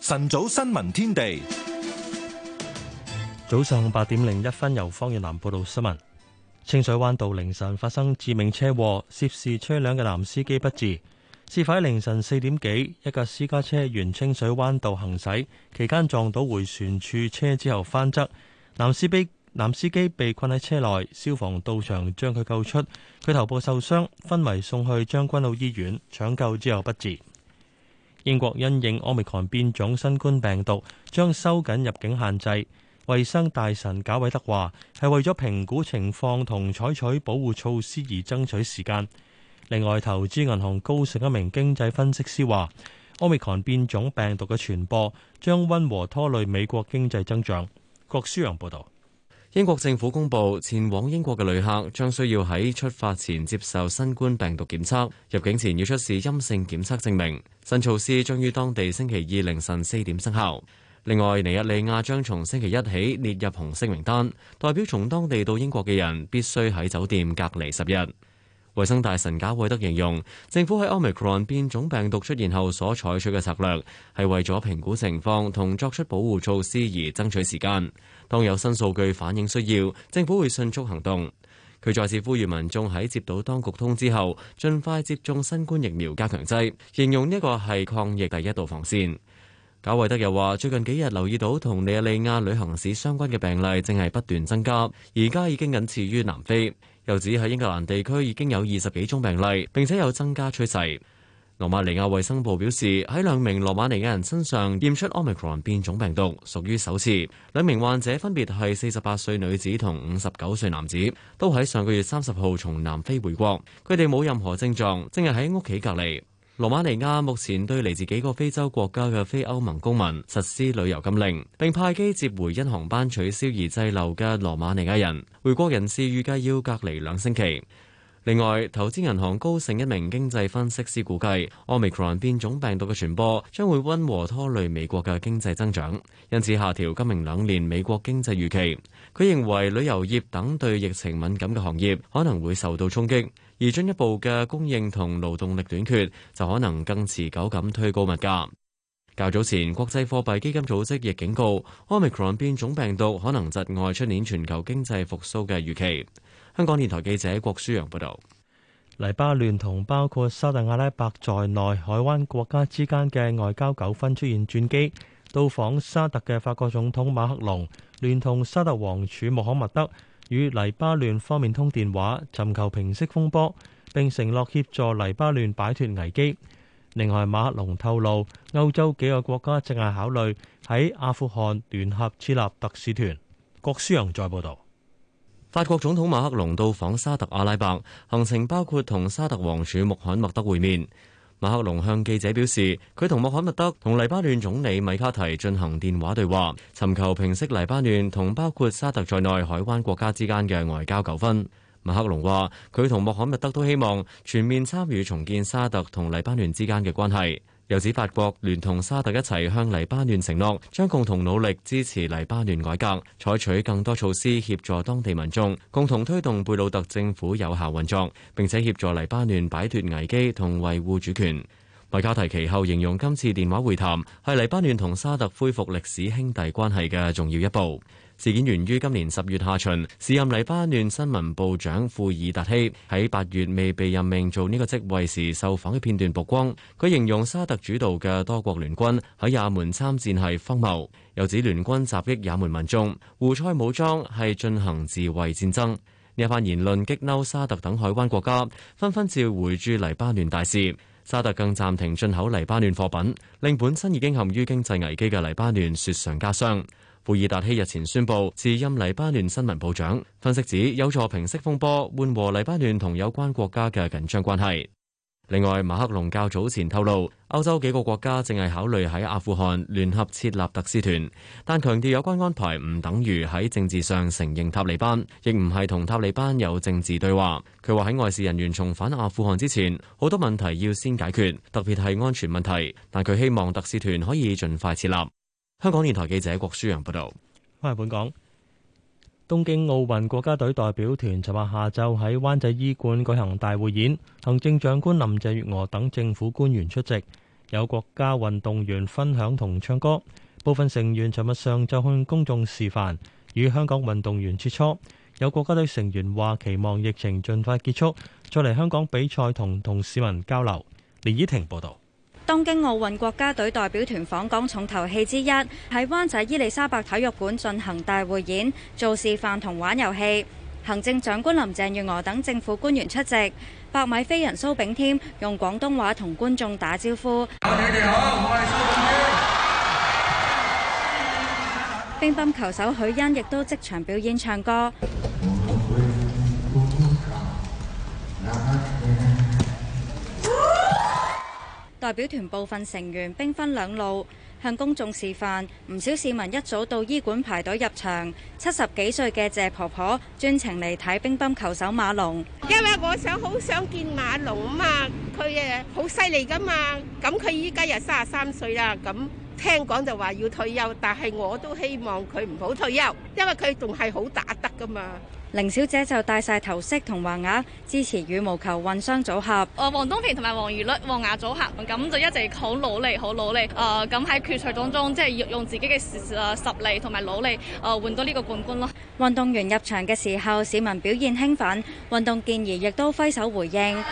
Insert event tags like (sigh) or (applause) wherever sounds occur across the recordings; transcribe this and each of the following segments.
晨早新聞天地，早上八點零一分，由方月南報道新聞：清水灣道凌晨發生致命車禍，涉事車輛嘅男司機不治。事發喺凌晨四點幾，一架私家車沿清水灣道行駛期間撞到迴旋處車之後翻側，男司被男司機被困喺車內，消防到場將佢救出，佢頭部受傷，昏迷送去將軍澳醫院搶救之後不治。英國因應奧密克戎變種新冠病毒，將收緊入境限制。衛生大臣賈偉德話，係為咗評估情況同採取保護措施而爭取時間。另外，投資銀行高盛一名經濟分析師話，奧密克戎變種病毒嘅傳播將溫和拖累美國經濟增長。郭書陽報道。英國政府公佈，前往英國嘅旅客將需要喺出發前接受新冠病毒檢測，入境前要出示陰性檢測證明。新措施將於當地星期二凌晨四點生效。另外，尼日利亞將從星期一起列入紅色名單，代表從當地到英國嘅人必須喺酒店隔離十日。衞生大臣賈偉德形容，政府喺 omicron 變種病毒出現後所採取嘅策略，係為咗評估情況同作出保護措施而爭取時間。當有新數據反映需要，政府會迅速行動，佢再次呼籲民眾喺接到當局通知後，盡快接種新冠疫苗加強劑，形容呢個係抗疫第一道防線。賈維德又話：最近幾日留意到同尼日利亞旅行史相關嘅病例正係不斷增加，而家已經僅次於南非。又指喺英格蘭地區已經有二十幾宗病例，並且有增加趨勢。羅馬尼亞衛生部表示，喺兩名羅馬尼亞人身上驗出 Omicron 變種病毒，屬於首次。兩名患者分別係四十八歲女子同五十九歲男子，都喺上個月三十號從南非回國，佢哋冇任何症狀，正係喺屋企隔離。羅馬尼亞目前對來自幾個非洲國家嘅非歐盟公民實施旅遊禁令，並派機接回因航班取消而滯留嘅羅馬尼亞人。回國人士預計要隔離兩星期。另外，投資銀行高盛一名經濟分析師估計，奧 r o n 變種病毒嘅傳播將會溫和拖累美國嘅經濟增長，因此下調今明兩年美國經濟預期。佢認為旅遊業等對疫情敏感嘅行業可能會受到衝擊，而進一步嘅供應同勞動力短缺就可能更持久咁推高物價。較早前，國際貨幣基金組織亦警告，m 奧 r o n 變種病毒可能窒外出年全球經濟復甦嘅預期。香港電台記者郭舒陽報道：黎巴嫩，同包括沙特阿拉伯在內海灣國家之間嘅外交糾紛出現轉機。到訪沙特嘅法國總統馬克龍，聯同沙特王儲穆罕默德與黎巴嫩方面通電話，尋求平息風波，並承諾協助黎巴嫩擺脫危機。另外，馬克龍透露，歐洲幾個國家正係考慮喺阿富汗聯合設立特使團。郭舒陽再報道。法國總統馬克龍到訪沙特阿拉伯，行程包括同沙特王儲穆罕默德會面。馬克龍向記者表示，佢同穆罕默德同黎巴嫩總理米卡提進行電話對話，尋求平息黎巴嫩同包括沙特在內海灣國家之間嘅外交糾紛。馬克龍話，佢同穆罕默德都希望全面參與重建沙特同黎巴嫩之間嘅關係。又指法國聯同沙特一齊向黎巴嫩承諾，將共同努力支持黎巴嫩改革，採取更多措施協助當地民眾，共同推動貝魯特政府有效運作，並且協助黎巴嫩擺脱危機同維護主權。米加提其後形容今次電話會談係黎巴嫩同沙特恢復歷史兄弟關係嘅重要一步。事件源於今年十月下旬，時任黎巴嫩新聞部部長庫爾達希喺八月未被任命做呢個職位時，受訪嘅片段曝光。佢形容沙特主導嘅多國聯軍喺也門參戰係荒謬，又指聯軍襲擊也門民眾、胡塞武裝係進行自衛戰爭。呢一番言論激嬲沙特等海灣國家，紛紛召回駐黎巴嫩大使。沙特更暫停進口黎巴嫩貨品，令本身已經陷於經濟危機嘅黎巴嫩雪上加霜。布爾達希日前宣布辭任黎巴嫩新聞部長。分析指有助平息風波，緩和黎巴嫩同有關國家嘅緊張關係。另外，馬克龍較早前透露，歐洲幾個國家正係考慮喺阿富汗聯合設立特使團，但強調有關安排唔等於喺政治上承認塔利班，亦唔係同塔利班有政治對話。佢話喺外事人員重返阿富汗之前，好多問題要先解決，特別係安全問題。但佢希望特使團可以盡快設立。香港電台記者郭書陽報道：歡迎本港東京奧運國家隊代表團尋日下晝喺灣仔伊館，舉行大會演，行政長官林鄭月娥等政府官員出席，有國家運動員分享同唱歌，部分成員尋日上晝向公眾示範，與香港運動員切磋，有國家隊成員話期望疫情盡快結束，再嚟香港比賽同同市民交流。李依婷報道。東京奧運國家隊代表團訪港重頭戲之一，喺灣仔伊利沙伯體育館進行大會演，做示範同玩遊戲，行政長官林鄭月娥等政府官員出席。百米飛人蘇炳添用廣東話同觀眾打招呼，你好，我係蘇炳添。乒乓球手許昕亦都即場表演唱歌 (laughs) (laughs) 代表團部分成員兵分兩路，向公眾示範，唔少市民一早到醫館排隊入場。七十幾歲嘅謝婆婆專程嚟睇乒乓球手馬龍，因為我想好想見馬龍啊嘛，佢誒好犀利㗎嘛，咁佢依家又三十三歲啦咁。聽講就話要退休，但係我都希望佢唔好退休，因為佢仲係好打得噶嘛。凌小姐就戴晒頭飾同橫額支持羽毛球混雙組合。哦、呃，黃東萍同埋王懿律王雅組合，咁就一直好努力，好努力。誒、呃，咁喺決賽當中，即係用用自己嘅誒實力同埋努力，誒、呃，換到呢個冠軍咯。運動員入場嘅時候，市民表現興奮，運動健兒亦都揮手回應。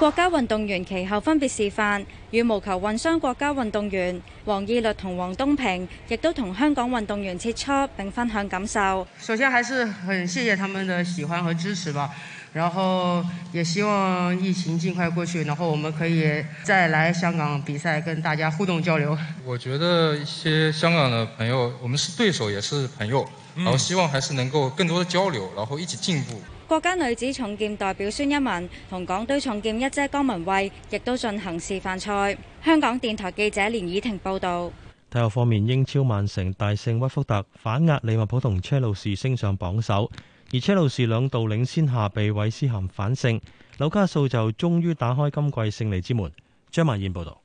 國家運動員其後分別示範。羽毛球混雙國家運動員王懿律同黃東萍，亦都同香港運動員切磋並分享感受。首先還是很謝謝他們的喜歡和支持吧，然後也希望疫情盡快過去，然後我們可以再來香港比賽跟大家互動交流。我覺得一些香港的朋友，我們是對手也是朋友，然後希望還是能夠更多的交流，然後一起進步。國家女子重劍代表孫一文同港隊重劍一姐江文蔚亦都進行示範賽。香港電台記者連以婷報道。體育方面，英超曼城大勝屈福特，反壓利物浦同車路士升上榜首。而車路士兩度領先下被韋斯咸反勝，紐卡素就終於打開今季勝利之門。張曼燕報道。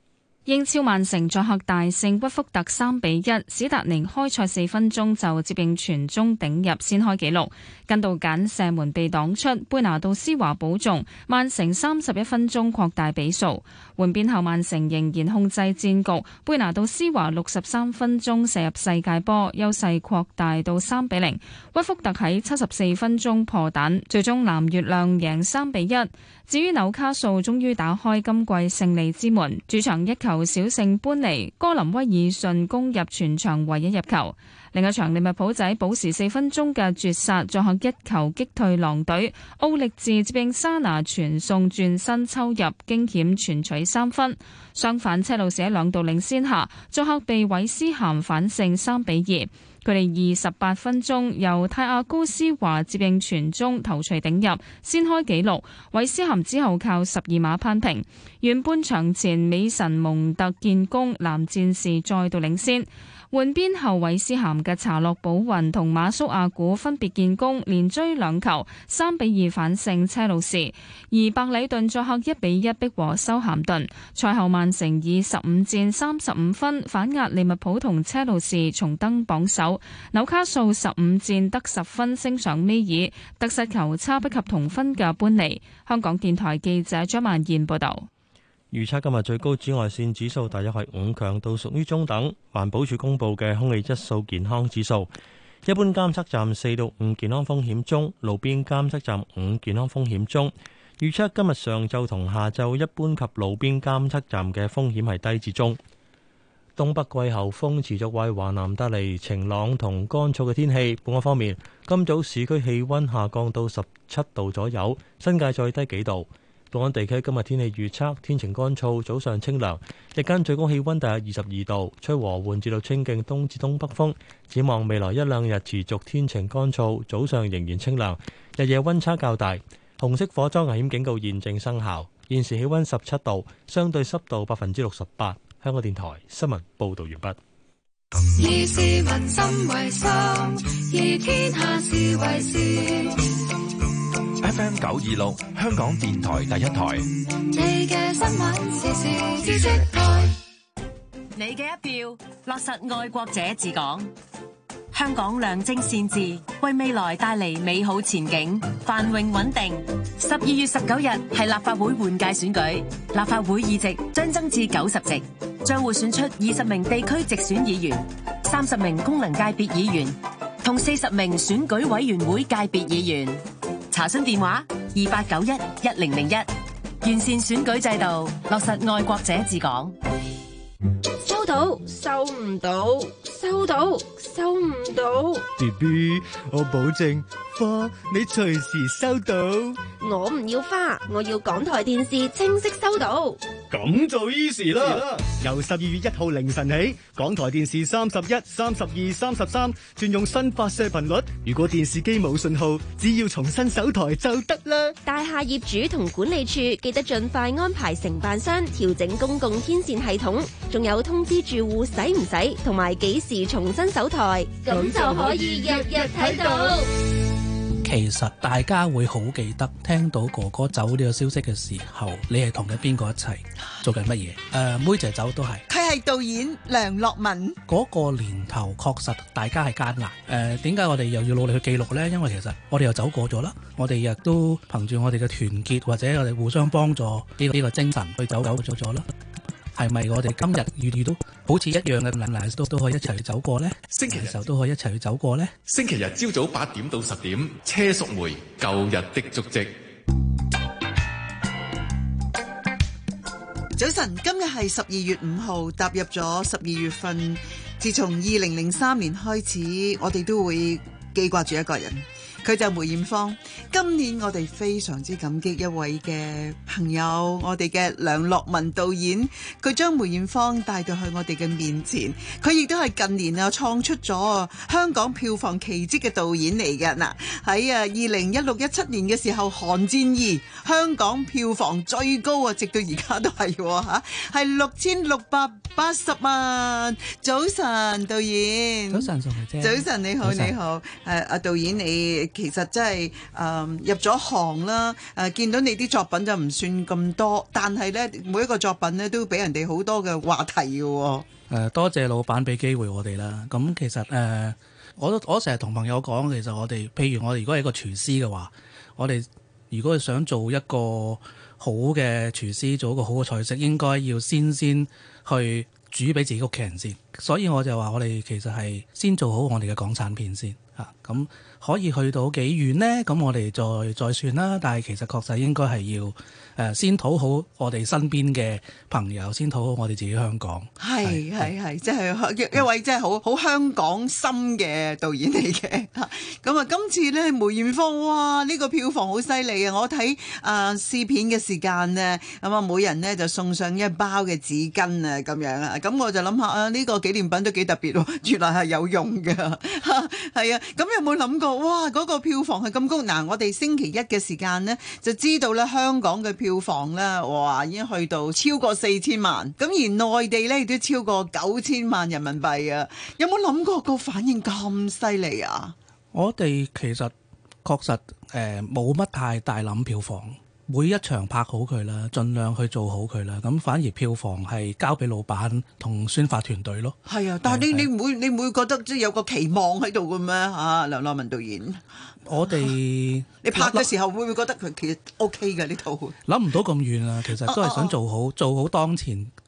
英超曼城作客大勝屈福特三比一，史達寧開賽四分鐘就接應傳中頂入先開紀錄，跟到簡射門被擋出，貝拿度斯華保重，曼城三十一分鐘擴大比數，換邊後曼城仍然控制戰局，貝拿度斯華六十三分鐘射入世界波，優勢擴大到三比零，屈福特喺七十四分鐘破蛋，最終藍月亮贏三比一。至於紐卡素終於打開今季勝利之門，主場一球小勝般尼，哥林威爾遜攻入全場唯一入球。另一場利物浦仔保持四分鐘嘅絕殺，作客一球擊退狼隊。奧力治接應沙拿傳送轉身抽入驚險，全取三分。相反，車路士喺兩度領先下，作客被韋斯咸反勝三比二。佢哋二十八分鐘由泰亞高斯華接應傳中頭槌頂入，先開紀錄。韋斯涵之後靠十二碼扳平。完半場前，美神蒙特建功，藍戰士再度領先。換邊後，韋斯咸嘅查洛保雲同馬蘇亞古分別建功，連追兩球，三比二反勝車路士。而白禮頓作客一比一逼和修咸頓。賽後，曼城以十五戰三十五分反壓利物浦同車路士，重登榜首。紐卡素十五戰得十分，升上尾二，得失球差不及同分嘅般尼。香港電台記者張曼燕報道。預測今日最高紫外線指數大約係五，強度屬於中等。環保署公布嘅空氣質素健康指數，一般監測站四到五健康風險中，路邊監測站五健康風險中。預測今日上晝同下晝一般及路邊監測站嘅風險係低至中。東北季候風持續為華南帶嚟晴朗同乾燥嘅天氣。本港方面，今早市區氣溫下降到十七度左右，新界再低幾度。本港地區今日天氣預測，天晴乾燥，早上清涼，日間最高氣温大約二十二度，吹和緩至到清勁東至東北風。展望未來一兩日持續天晴乾燥，早上仍然清涼，日夜温差較大。紅色火災危險警告現正生效。現時氣温十七度，相對濕度百分之六十八。香港電台新聞報導完畢。FM 九二六，香港電台第一台。你嘅新聞，時時知識台。你嘅一票，落實愛國者治港。香港良政善治，為未來帶嚟美好前景，繁榮穩定。十二月十九日係立法會換屆選舉，立法會議席將增至九十席，將會選出二十名地區直選議員、三十名功能界別議員同四十名選舉委員會界別議員。查詢電話：二八九一一零零一。完善選舉制度，落實愛國者治港。收到，收唔到，收到，收唔到。BB，我保證花，你隨時收到。我唔要花，我要港台電視清晰收到。咁就 easy 啦！由十二月一號凌晨起，港台電視三十一、三十二、三十三，轉用新發射頻率。如果電視機冇信號，只要重新搜台就得啦。大廈業主同管理處記得盡快安排承辦商調整公共天線系統，仲有，通知住戶使唔使同埋幾時重新搜台，咁就可以日日睇到。其實大家會好記得聽到哥哥走呢個消息嘅時候，你係同緊邊個一齊，做緊乜嘢？誒、呃，梅姐走都係，佢係導演梁樂文。嗰個年頭確實大家係艱難。誒、呃，點解我哋又要努力去記錄呢？因為其實我哋又走過咗啦，我哋亦都憑住我哋嘅團結或者我哋互相幫助呢呢個精神去走走咗咗啦。係咪我哋今日遇遇到好似一樣嘅困難都都可以一齊去走過呢？星期日時候都可以一齊去走過呢？星期日朝早八點到十點，車淑梅，舊日的足跡。早晨，今日係十二月五號，踏入咗十二月份。自從二零零三年開始，我哋都會記掛住一個人。佢就梅艷芳。今年我哋非常之感激一位嘅朋友，我哋嘅梁樂文導演，佢將梅艷芳帶到去我哋嘅面前。佢亦都係近年啊創出咗香港票房奇蹟嘅導演嚟嘅。嗱，喺啊二零一六一七年嘅時候，《寒戰二》香港票房最高啊，直到而家都係吓，係六千六百八十萬。早晨，導演。早晨，早晨，你好，晨你好。誒、啊，阿導演你。其實真係誒入咗行啦，誒、呃、見到你啲作品就唔算咁多，但係呢，每一個作品呢，都俾人哋好多嘅話題嘅喎、哦呃。多謝老闆俾機會我哋啦。咁其實誒、呃，我都我成日同朋友講，其實我哋譬如我哋如果係一個廚師嘅話，我哋如果想做一個好嘅廚師，做一個好嘅菜式，應該要先先去煮俾自己屋企人先。所以我就話我哋其實係先做好我哋嘅港產片先嚇，咁啊可以去到幾遠呢？咁我哋再再算啦。但係其實確實應該係要誒先討好我哋身邊嘅朋友，先討好我哋自己香港。係係係，即係一一位即係好好香港心嘅導演嚟嘅。咁啊，今次呢梅艷芳，哇！呢個票房好犀利啊！我睇啊試片嘅時間呢，咁啊每人呢就送上一包嘅紙巾啊，咁樣啊。咁我就諗下啊，呢個。紀念品都幾特別喎，原來係有用㗎，係啊。咁有冇諗過？哇，嗰個票房係咁高？嗱，我哋星期一嘅時間呢就知道咧香港嘅票房咧，哇已經去到超過四千萬咁，而內地咧亦都超過九千萬人民幣啊。有冇諗過個反應咁犀利啊？我哋其實確實誒冇乜太大諗票房，每一場拍好佢啦，盡量去做好佢啦。咁反而票房係交俾老闆同宣發團隊咯。係啊，但係你、啊、你唔會你唔會覺得即係有個期望喺度嘅咩嚇？梁樂文導演，我哋們 (laughs) 你拍嘅時候我會唔會覺得佢其實 OK 嘅呢套？諗唔到咁遠啊，其實都係想做好，啊啊、做好當前。